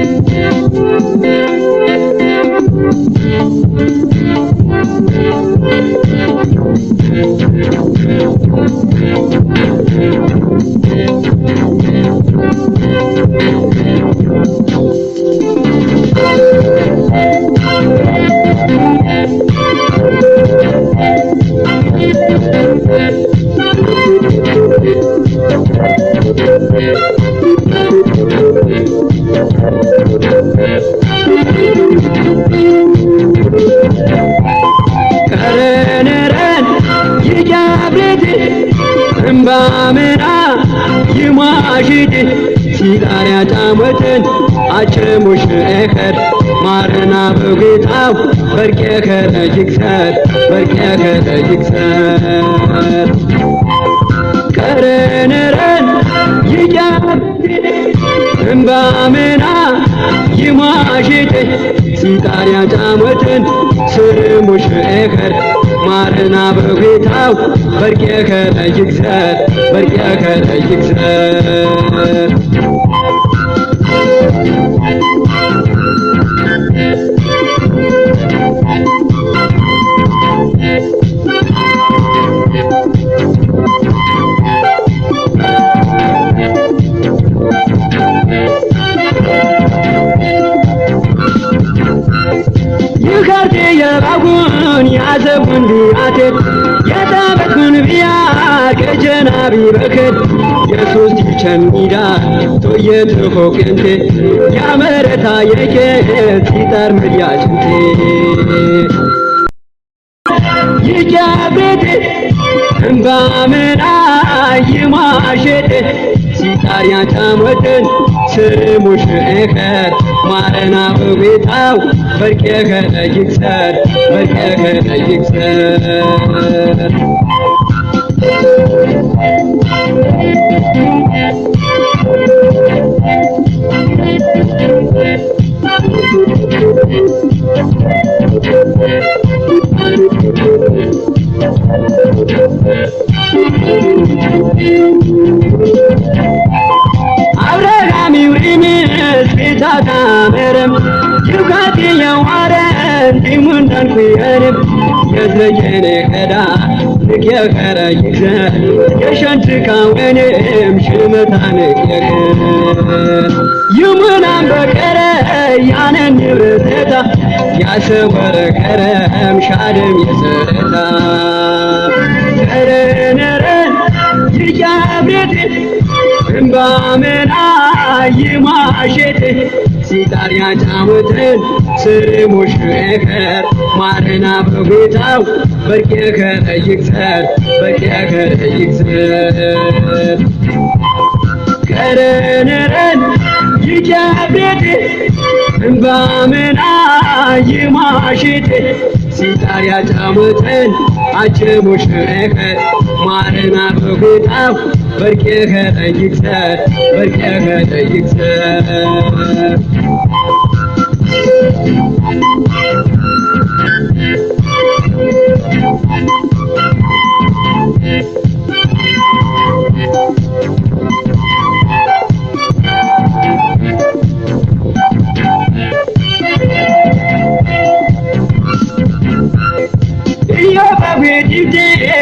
Thank you. ባመና ይማሽድ ሲዳር ያጫሙትን አጭሙሽ እኸር ማረና በጌታው በርቅ ያከረ ጅግሰር በርቅ ያከረ ጅግሰር ቀረነረን ይጃብድ እምባምና ይማሽድ ሲጣር ያጫሙትን ስርሙሽ እኸር ማርና በጌታው በርቄከ ተይግሰ በርቄከ ተይግሰ ያሰብኩን ቢያቴት የጠበቅኩን ቢያር ከጀና ቢበክት የሱስ ቸሚዳ ቶየት ሆቅንቴ ያመረታ የኬት ሲጠር ምድያጭንቴ ይጃቤቴ እምባምና ይማሸቴ ሲጣሪያ ጫሞትን ስሙሽ እኸር ማረና በቤታው በርቅኸ ለይክሰር በርቅኸ ለይክሰር ችጋቴ የዋረ እንዲሙንዳን ኩየርብ የዘየኔ ቀዳ ንቅየኸረ ይግዘ የሸንትካ ወኔም ሽመታን የቅ ይሙናን በቀረ ያነን ንብረተታ ያሰወረ ቀረም ሻደም የዘረታ ረነረ ይጃብሬት እምባምና ይማሸት ሲጣሪያ ጫሙትን ስሙሽ እከር ማረና በጌታው በቂከ ጠይቅሰር በቂከ ጠይቅሰር ቀረነረን ይጃብሬት እንባምና ይማሽት ሲጣሪያ ጫሙትን አችሙሽ እከር Thank you.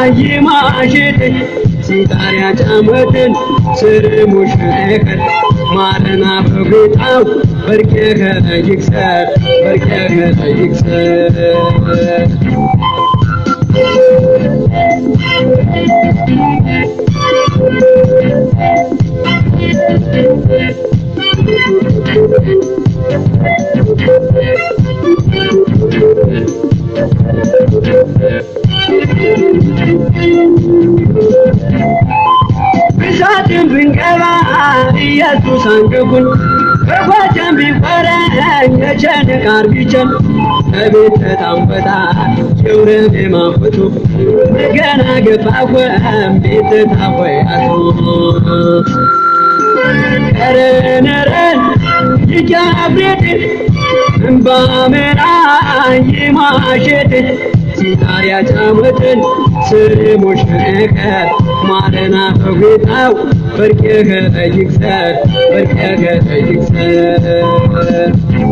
ሻይማሽት ሲጣሪያ ጫመትን ስር ሙሽከር ማረና በጌታው በርቀኸ ይክሰር በርቀኸ ይክሰር yesuusan እጓጀን ቢፈረኝ ከቸንቃር ቢቸን ከቤት ተጣንበታ ሽውረን የማፈቱ ገና ገፋወም ቤት ታወያቱ ረነረን ይጃብሬት እምባምራ ይማሸት ሲታሪያ ጫወትን ስሞሽ ነገር ማረና ፈጉጣው ወርቄ ከተይክሰ ወርቄ ከተይክሰ